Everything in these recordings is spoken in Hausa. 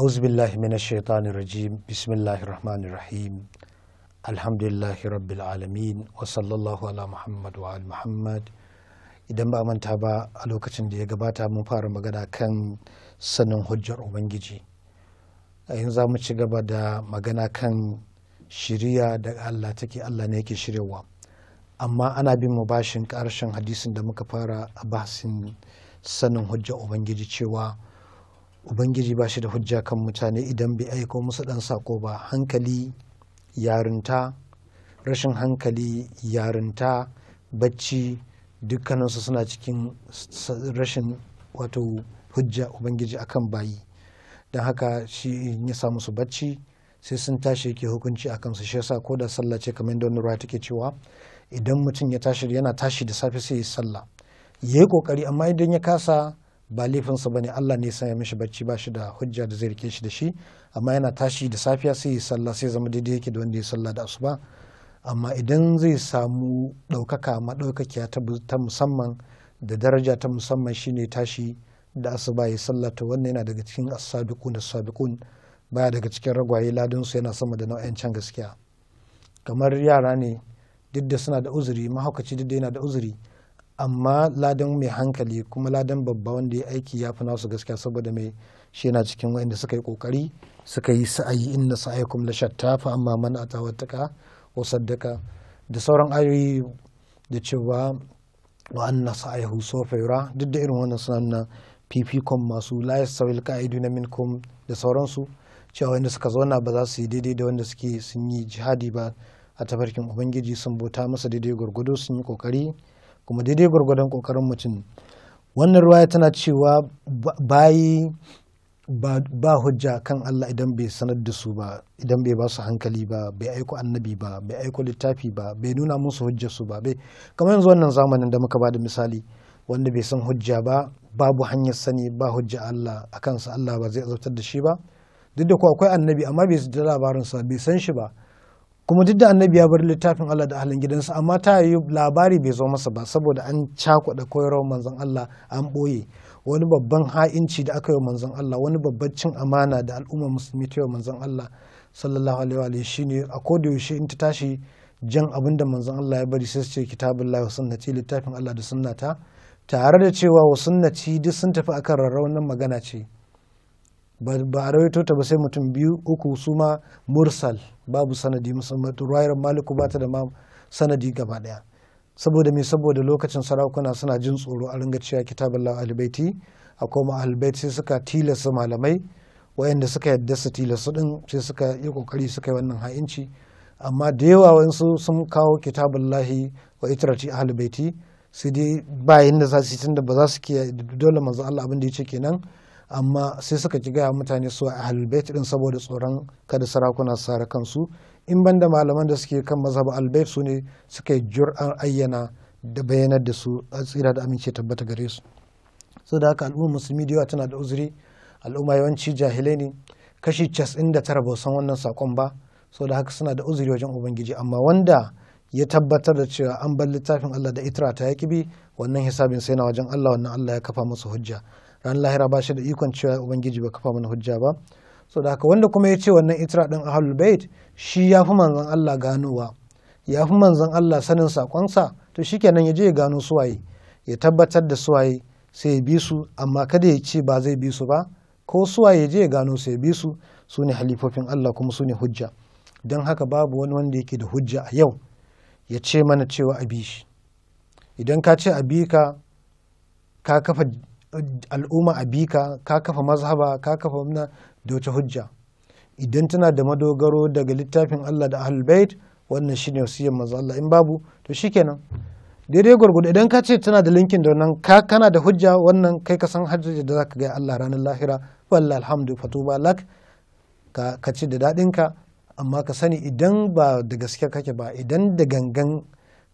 a'uzubillahi minashaitanir rajim bismillahir rahmanir rahim alhamdulillahi rabbil alamin wa sallallahu ala muhammad wa al muhammad idan ba manta ba a lokacin da ya gabata mun fara magana kan sanin hujjar ubangiji a yanzu za mu ci gaba da magana kan shiriya da allah take allah ne yake shiryawa amma ana bin mu bashin karshen hadisin da muka fara a basin sanin hujjar ubangiji cewa ubangiji ba shi da hujja kan mutane idan bai aiko musu ɗan sako ba hankali yarinta rashin hankali yarinta bacci dukkaninsu suna cikin rashin wato hujja ubangiji akan bayi don haka shi ya samu su bacci sai sun tashi yake hukunci a kansu shi yasa ko da sallah ce kamar yadda wani ruwa take cewa idan mutum ya tashi yana tashi da safe sai ya sallah ya yi kokari amma idan ya kasa ba laifinsa ba ne Allah ne ya mishi bacci ba shi da hujja da zai rike shi da shi amma yana tashi da safiya sai ya sallah sai zama daidai yake da wanda ya sallah da asuba amma idan zai samu ɗaukaka maɗaukakiya ta musamman da daraja ta musamman shi ne tashi da asuba ya sallah to wannan yana daga cikin as da sabiqun baya daga cikin ragwaye ladin su yana sama da nau'in can gaskiya kamar yara ne duk da suna da uzuri mahaukaci duk da yana da uzuri amma ladan mai hankali kuma ladan babba wanda ya aiki ya fi nasu gaskiya saboda mai shi yana cikin wa'inda suka yi kokari suka yi sa'ayi inna sa'ayakum la shatta shattafa amma man tawattaka wa saddaka da sauran ayoyi da cewa wa na sa'ayi huso yura duk da irin wannan suna na fifikon masu la ka'idu na minkum da sauransu cewa wanda suka zauna ba za su yi daidai da wanda suke sun yi jihadi ba a tafarkin ubangiji sun bauta masa daidai gwargwado sun yi kokari kuma daidai gwargwadon kokarin mutum wannan ruwaya tana cewa bayi ba hujja kan Allah idan bai sanar da su ba idan bai ba su hankali ba bai aiko annabi ba bai aiko littafi ba bai nuna musu hujja su ba bai kamar yanzu wannan zamanin da muka ba da misali wanda bai san hujja ba babu hanyar sani ba hujja Allah a kansa Allah ba zai azabtar da shi ba duk da kuwa akwai annabi amma bai da labarinsa bai san shi ba kuma duk da annabi ya bar littafin Allah da ahalin gidansa amma ta yi labari bai zo masa ba saboda an cakuɗa koyarwar manzon Allah an ɓoye wani babban ha'inci da aka yi wa manzon Allah wani babban cin amana da al'ummar musulmi ta yi manzon Allah sallallahu alaihi wa shine a koda yaushe in ta tashi jan abin da manzon Allah ya bari sai su ce kitabun Allah wa sunnati littafin Allah da sunnata tare da cewa wa sunnati duk sun tafi akan rarraunan magana ce ba a rawaito ta ba sai mutum biyu uku su ma mursal babu sanadi musamman ruwayar maliku ba ta da ma sanadi gaba daya saboda me saboda lokacin sarakuna suna jin tsoro a ringa cewa kitabun lawa albaiti a koma albaiti sai suka tilasta malamai wayanda suka yadda su tilasta din sai suka yi kokari suka yi wannan ha'inci amma da yawa wasu sun kawo kitabun lahi wa a albaiti sai dai bayan da za su yi tunda ba za su kiyaye dole manzo Allah abin da ya ce kenan amma sai suka ki gaya mutane su a ahlul din saboda tsoron kada sarakuna su sare kansu in banda malaman da suke kan mazhabin albayt su ne suka yi jur'an ayyana da bayanar da su a tsira da amince tabbata gare su so da haka al'ummar musulmi da yawa tana da uzuri al'umma yawanci jahilai ne kashi tara ba san wannan sakon ba so da haka suna da uzuri wajen ubangiji amma wanda ya tabbatar da cewa an bar littafin Allah da itra ta yaƙi bi wannan hisabin sai na wajen Allah wannan Allah ya kafa musu hujja ran lahira ba shi da ikon cewa ubangiji ba kafa mana hujja ba so da haka wanda kuma ya ce wannan itira din ahlul bait shi ya fi manzon Allah ganowa ya fi manzon Allah sanin sakonsa to shikenan ya je ya gano suwaye ya tabbatar da suwaye sai ya bi su amma kada ya ce ba zai bi su ba ko suwaye ya je ya gano sai ya bi su su ne halifofin Allah kuma su ne hujja don haka babu wani wanda yake da hujja a yau ya ce mana cewa a bi shi idan ka ce a bi ka ka kafa al'umma a bika ka kafa mazhaba ka kafa muna da wata hujja idan tana da madogaro daga littafin Allah da ahlul bait wannan shine wasiyar manzo Allah in babu to shikenan daidai gwargwado idan ka ce tana da linkin da wannan ka kana da hujja wannan kai ka san hajjaji da zaka ga Allah ranar lahira wallahi alhamdu fatuba lak ka ka ci da dadin ka amma ka sani idan ba da gaske kake ba idan da gangan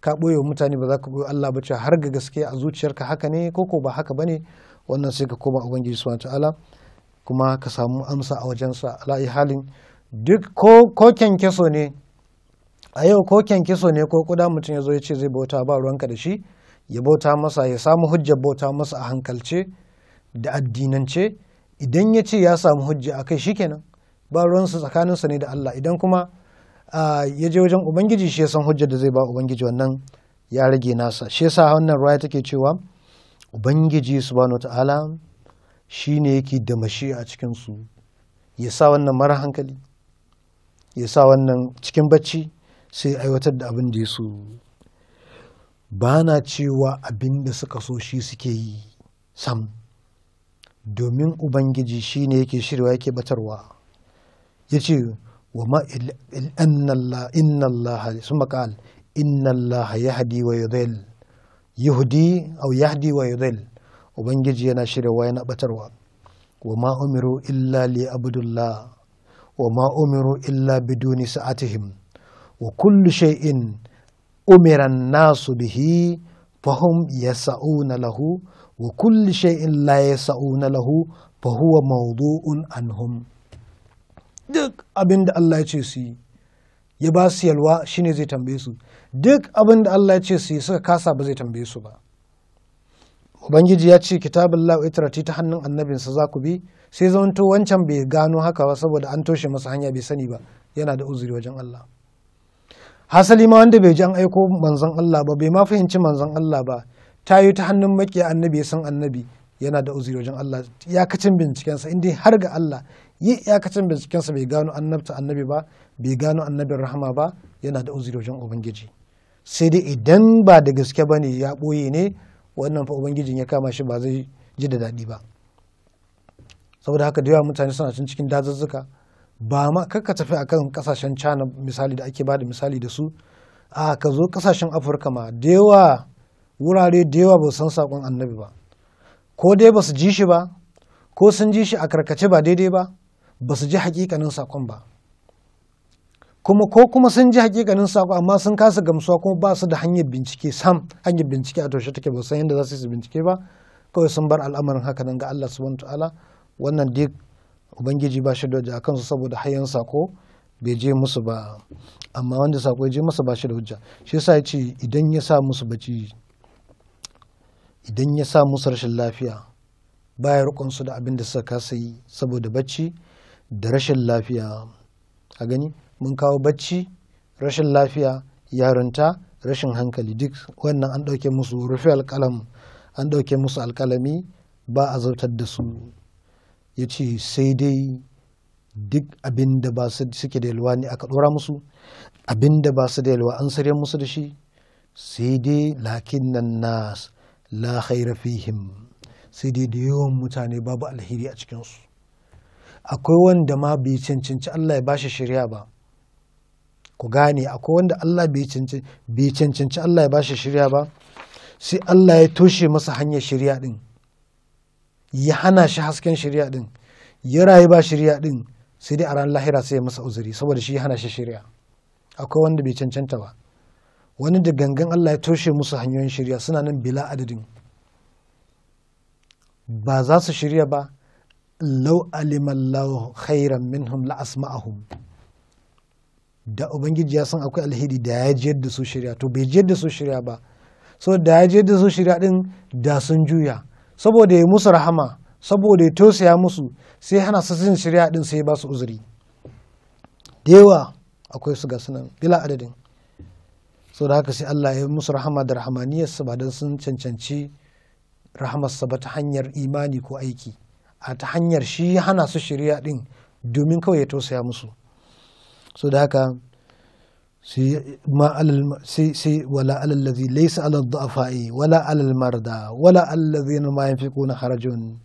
ka boye mutane ba za ka boye Allah ba ce har ga gaske a zuciyarka haka ne ko ba haka bane wannan sai ka koma ubangiji subhanahu ta'ala kuma ka samu amsa a wajensa ala'i halin duk ko ko ne a yau ko kyankyaso ne ko kuda mutum ya zo ya ce zai bauta ba ruwanka da shi ya bauta masa ya samu hujjar bauta masa a hankalce da addinance idan ya ce ya samu hujja a kai shikenan ba ruwansa tsakaninsa ne da Allah idan kuma ya je wajen ubangiji shi ya san hujjar da zai ba ubangiji wannan ya rage nasa shi yasa wannan ruwaya take cewa ubangiji subhanahu ta'ala shi ne yake da mashi a cikinsu ya sa wannan mara hankali ya sa wannan cikin bacci sai aiwatar da abin da ya so ba na cewa abin da suka so shi suke yi sam domin ubangiji shi ne yake shirwa yake batarwa ya ce wa ma inna Allah sun maƙal inna Allah ya hadi wa ya Yahudi au yahdi wa yudhil ubangiji yana shirya yana batarwa wa ma umiru illa li abdullah wa ma umiru illa biduni sa'atihim wa kullu shay'in umiran nasu bihi fahum yas'una lahu wa kullu shay'in la yas'una lahu fa huwa mawdu'un anhum duk abinda Allah ya ce su yi ya ba su yalwa shine zai tambaye su duk abin da Allah ya ce su yi suka kasa ba zai tambaye su ba ubangiji ya ce kitabun la'itirati ta hannun annabinsa za ku bi sai zamanto wancan bai gano haka ba saboda an toshe masa hanya bai sani ba yana da uzuri wajen Allah hasali ma wanda bai ji an aiko manzon Allah ba bai ma fahimci manzon Allah ba ta yi ta hannun makiya annabi ya san annabi yana da uzuri wajen Allah ya kacin bincikensa inda har ga Allah yi iyakacin bincikensa bai gano annabta annabi ba bai gano annabin rahama ba yana da uzuri wajen ubangiji sai dai idan ba da gaske ba ne ya ɓoye ne wannan fa ubangijin ya kama shi ba zai ji da daɗi ba saboda haka da yawa mutane suna cin cikin dazuzzuka ba ma kakka ka tafi akan kasashen cana misali da ake bada misali da su a ka zo kasashen afirka ma da yawa wurare da yawa ba san saƙon annabi ba ko dai ba su ji shi ba ko sun ji shi a karkace ba daidai ba ba su ji hakikanin saƙon ba kuma ko kuma sun ji hakikanin sako amma sun kasa gamsuwa kuma ba su da hanyar bincike sam hanyar bincike a taushe take ba san yadda za su yi bincike ba kawai sun bar al'amarin haka nan ga Allah subhanahu ta'ala wannan duk ubangiji ba shi da hujja kansu saboda hayan sako bai je musu ba amma wanda sako ya je musu ba shi da hujja shi yasa yace idan ya sa musu baci idan ya sa musu rashin lafiya baya rukun su da abin da suka kasa yi saboda bacci da rashin lafiya a gani mun kawo bacci rashin lafiya yarinta rashin hankali duk wannan an ɗauke musu rufe alƙalam an ɗauke musu alƙalami ba a zautar da su ya ce sai dai duk abin da ba suke da yalwa ne aka ɗora musu abinda da ba su da yalwa an sare musu da shi sai dai lakin nan nas la khaira fihim sai dai da yawan mutane babu alheri a cikinsu akwai wanda ma bai cancanci Allah ya bashi shirya ba ku gane akwai wanda Allah bai cancanci Allah ya bashi shirya ba sai Allah ya toshe masa hanyar shirya din ya hana shi hasken shirya din ya rayu ba shirya din sai dai a ran lahira sai ya masa uzuri saboda shi ya hana shi shirya akwai wanda bai cancanta ba wani da gangan Allah ya toshe musu hanyoyin shirya suna nan bila adadin ba za su shirya ba lau alimallahu khairan minhum la asma'ahum da ubangiji ya san akwai alheri da ya jiyar da su shirya to bai jiyar da su shirya ba so da ya jiyar da su shirya din da sun juya saboda ya musu rahama saboda ya tausaya musu sai hana su sun shirya din sai ba su uzuri da yawa akwai su ga sunan bila adadin so da haka sai Allah ya musu rahama da rahamaniyarsa ba don sun cancanci rahamarsa ba ta hanyar imani ko aiki a ta hanyar shi hana su shirya din domin kawai ya tausaya musu so da haka sai wala alallazi laysa ala dha'fa'i wala alal marda wala allazina ma yanfiquna harajun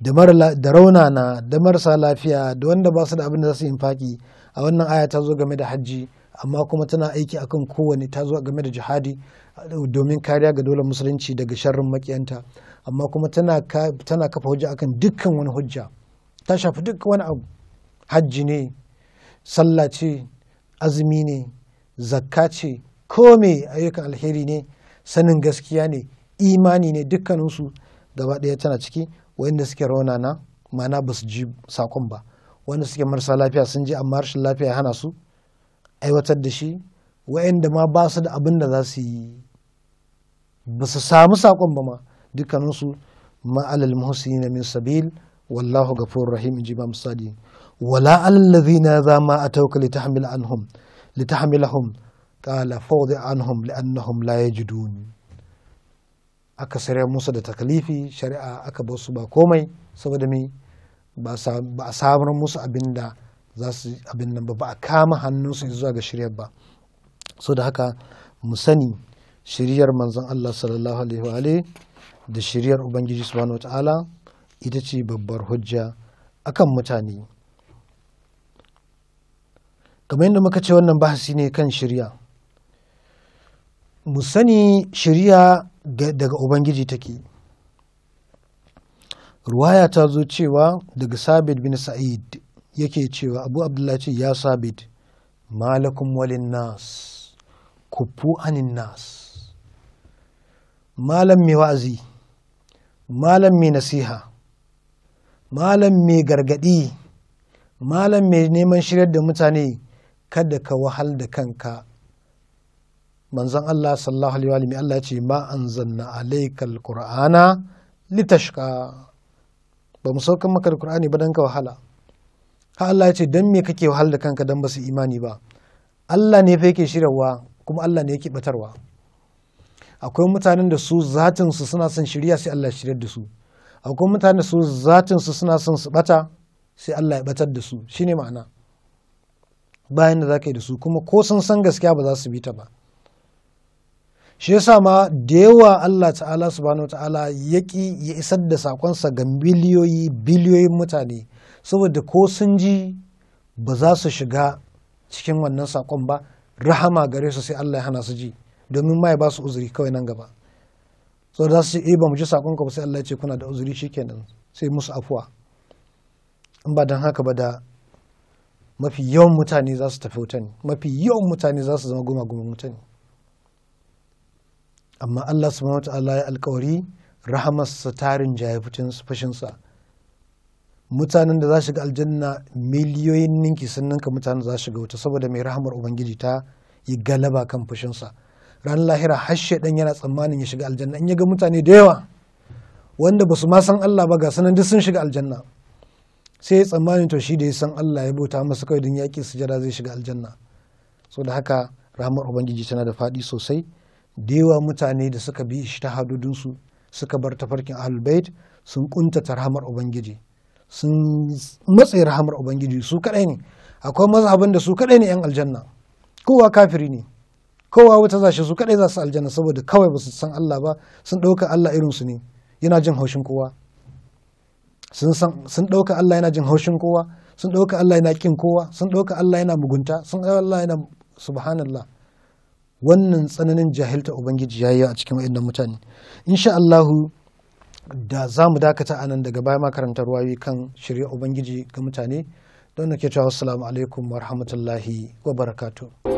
da mara da raunana da marasa lafiya da wanda ba su da abin da za su infaki a wannan aya ta zo game da hajji amma kuma tana aiki akan kowane ta zo game da jihadi domin kariya ga dole musulunci daga sharrin makiyanta amma kuma tana kafa hujja akan dukkan wani hujja ta shafi duk wani abu hajji ne sallah ce azumi ne zakka ce kome ayyukan alheri ne sanin gaskiya ne imani ne dukkaninsu gaba ɗaya tana ciki wanda suke raunana mana ba su ji sakon ba wanda suke marasa lafiya sun je amma rashin lafiya hana su aiwatar da shi wayanda ma ba su da abin da za su yi ba su samu sakon ba ma dukkaninsu ma'alal muhsinin min sabil wallahu ghafurur rahim inji ba musadi wala alal ladhina za ma atawka litahmil anhum litahmilahum qala fawdi anhum li'annahum la yajidun aka sare musu da takalifi shari'a aka ba su ba komai saboda me ba a samar musu abinda za su abin nan ba ba a kama hannunsu zuwa ga shiryar ba so da haka mu sani shiryar manzon Allah sallallahu alaihi wa da shiriyar ubangiji subhanahu wa ta'ala ita ce babbar hujja akan mutane kamar yadda muka ce wannan bahasi ne kan shirya mu sani shirya daga ubangiji take ruwaya ta zo cewa daga sabit bin sa'id yake cewa abu abdullahi ce ya sabit malakum walin nas kufu anin nas malam mai wa'azi malam mai nasiha malam mai gargadi malam mai neman shiryar da mutane kada ka wahal da kanka manzon Allah sallallahu alaihi wa alihi Allah ya ce ma anzalna alaikal qur'ana litashqa ba mu saukan maka qur'ani ba dan ka wahala ha Allah ya ce dan me kake wahal da kanka dan ba su imani ba Allah ne fa yake shiryarwa kuma Allah ne yake batarwa akwai mutanen da su zatin su suna son shirya sai Allah shiryar da su akwai mutanen da su zatin suna son su bata sai Allah ya batar da su shine ma'ana bayan da za ka yi da su kuma ko sun san gaskiya ba za su bi ta ba shi yasa ma da yawa Allah ta'ala subhanahu wa ta'ala ya ki ya isar da sa ga miliyoyi biliyoyin mutane saboda ko sun ji ba za su shiga cikin wannan sakon ba rahama gare su sai Allah ya hana su ji domin ma ya ba su uzuri kawai nan gaba so da su ce eh, ba mu ji sakon ba sai Allah ya ce kuna da uzuri shikenan sai musu afuwa in ba dan haka ba da mafi yawan mutane za su tafi wuta ne mafi yawan mutane za su zama goma goma wuta ne amma Allah subhanahu wataala ya alkawari sa tarin jaye fashinsa mutanen da za shiga aljanna miliyoyin ninki sun ninka mutanen za shiga wuta saboda mai rahamar ubangiji ta yi galaba kan fushinsa ran lahira har shaidan yana tsammanin ya shiga aljanna in ya ga mutane da yawa wanda ba su ma san Allah ba ga sanan duk sun shiga aljanna sai ya tsammanin to shi da ya san Allah ya bauta masa kai don yaki sujada zai shiga aljanna so da haka rahmar ubangiji tana da faɗi sosai da yawa mutane da suka bi shi ta hadudunsu suka bar tafarkin ahlul bait sun kuntata rahamar ubangiji sun matsayi rahamar ubangiji su kadai ne akwai mazhabin da su kadai ne yan aljanna kowa kafiri ne kowa wata shi su kadai za su aljanna saboda kawai ba su san Allah ba sun ɗauka Allah irin su ne yana jin haushin kowa sun san sun ɗauka Allah yana jin haushin kowa sun ɗauka Allah yana kin kowa sun ɗauka Allah yana mugunta sun ɗauka Allah yana subhanallah wannan tsananin jahilta ubangiji ya yi a cikin wayannan mutane insha Allahu da za mu dakata a nan daga baya makarantar wayoyi kan shirya ubangiji ga mutane don ke cewa assalamu alaikum wa rahmatullahi wa barakatuh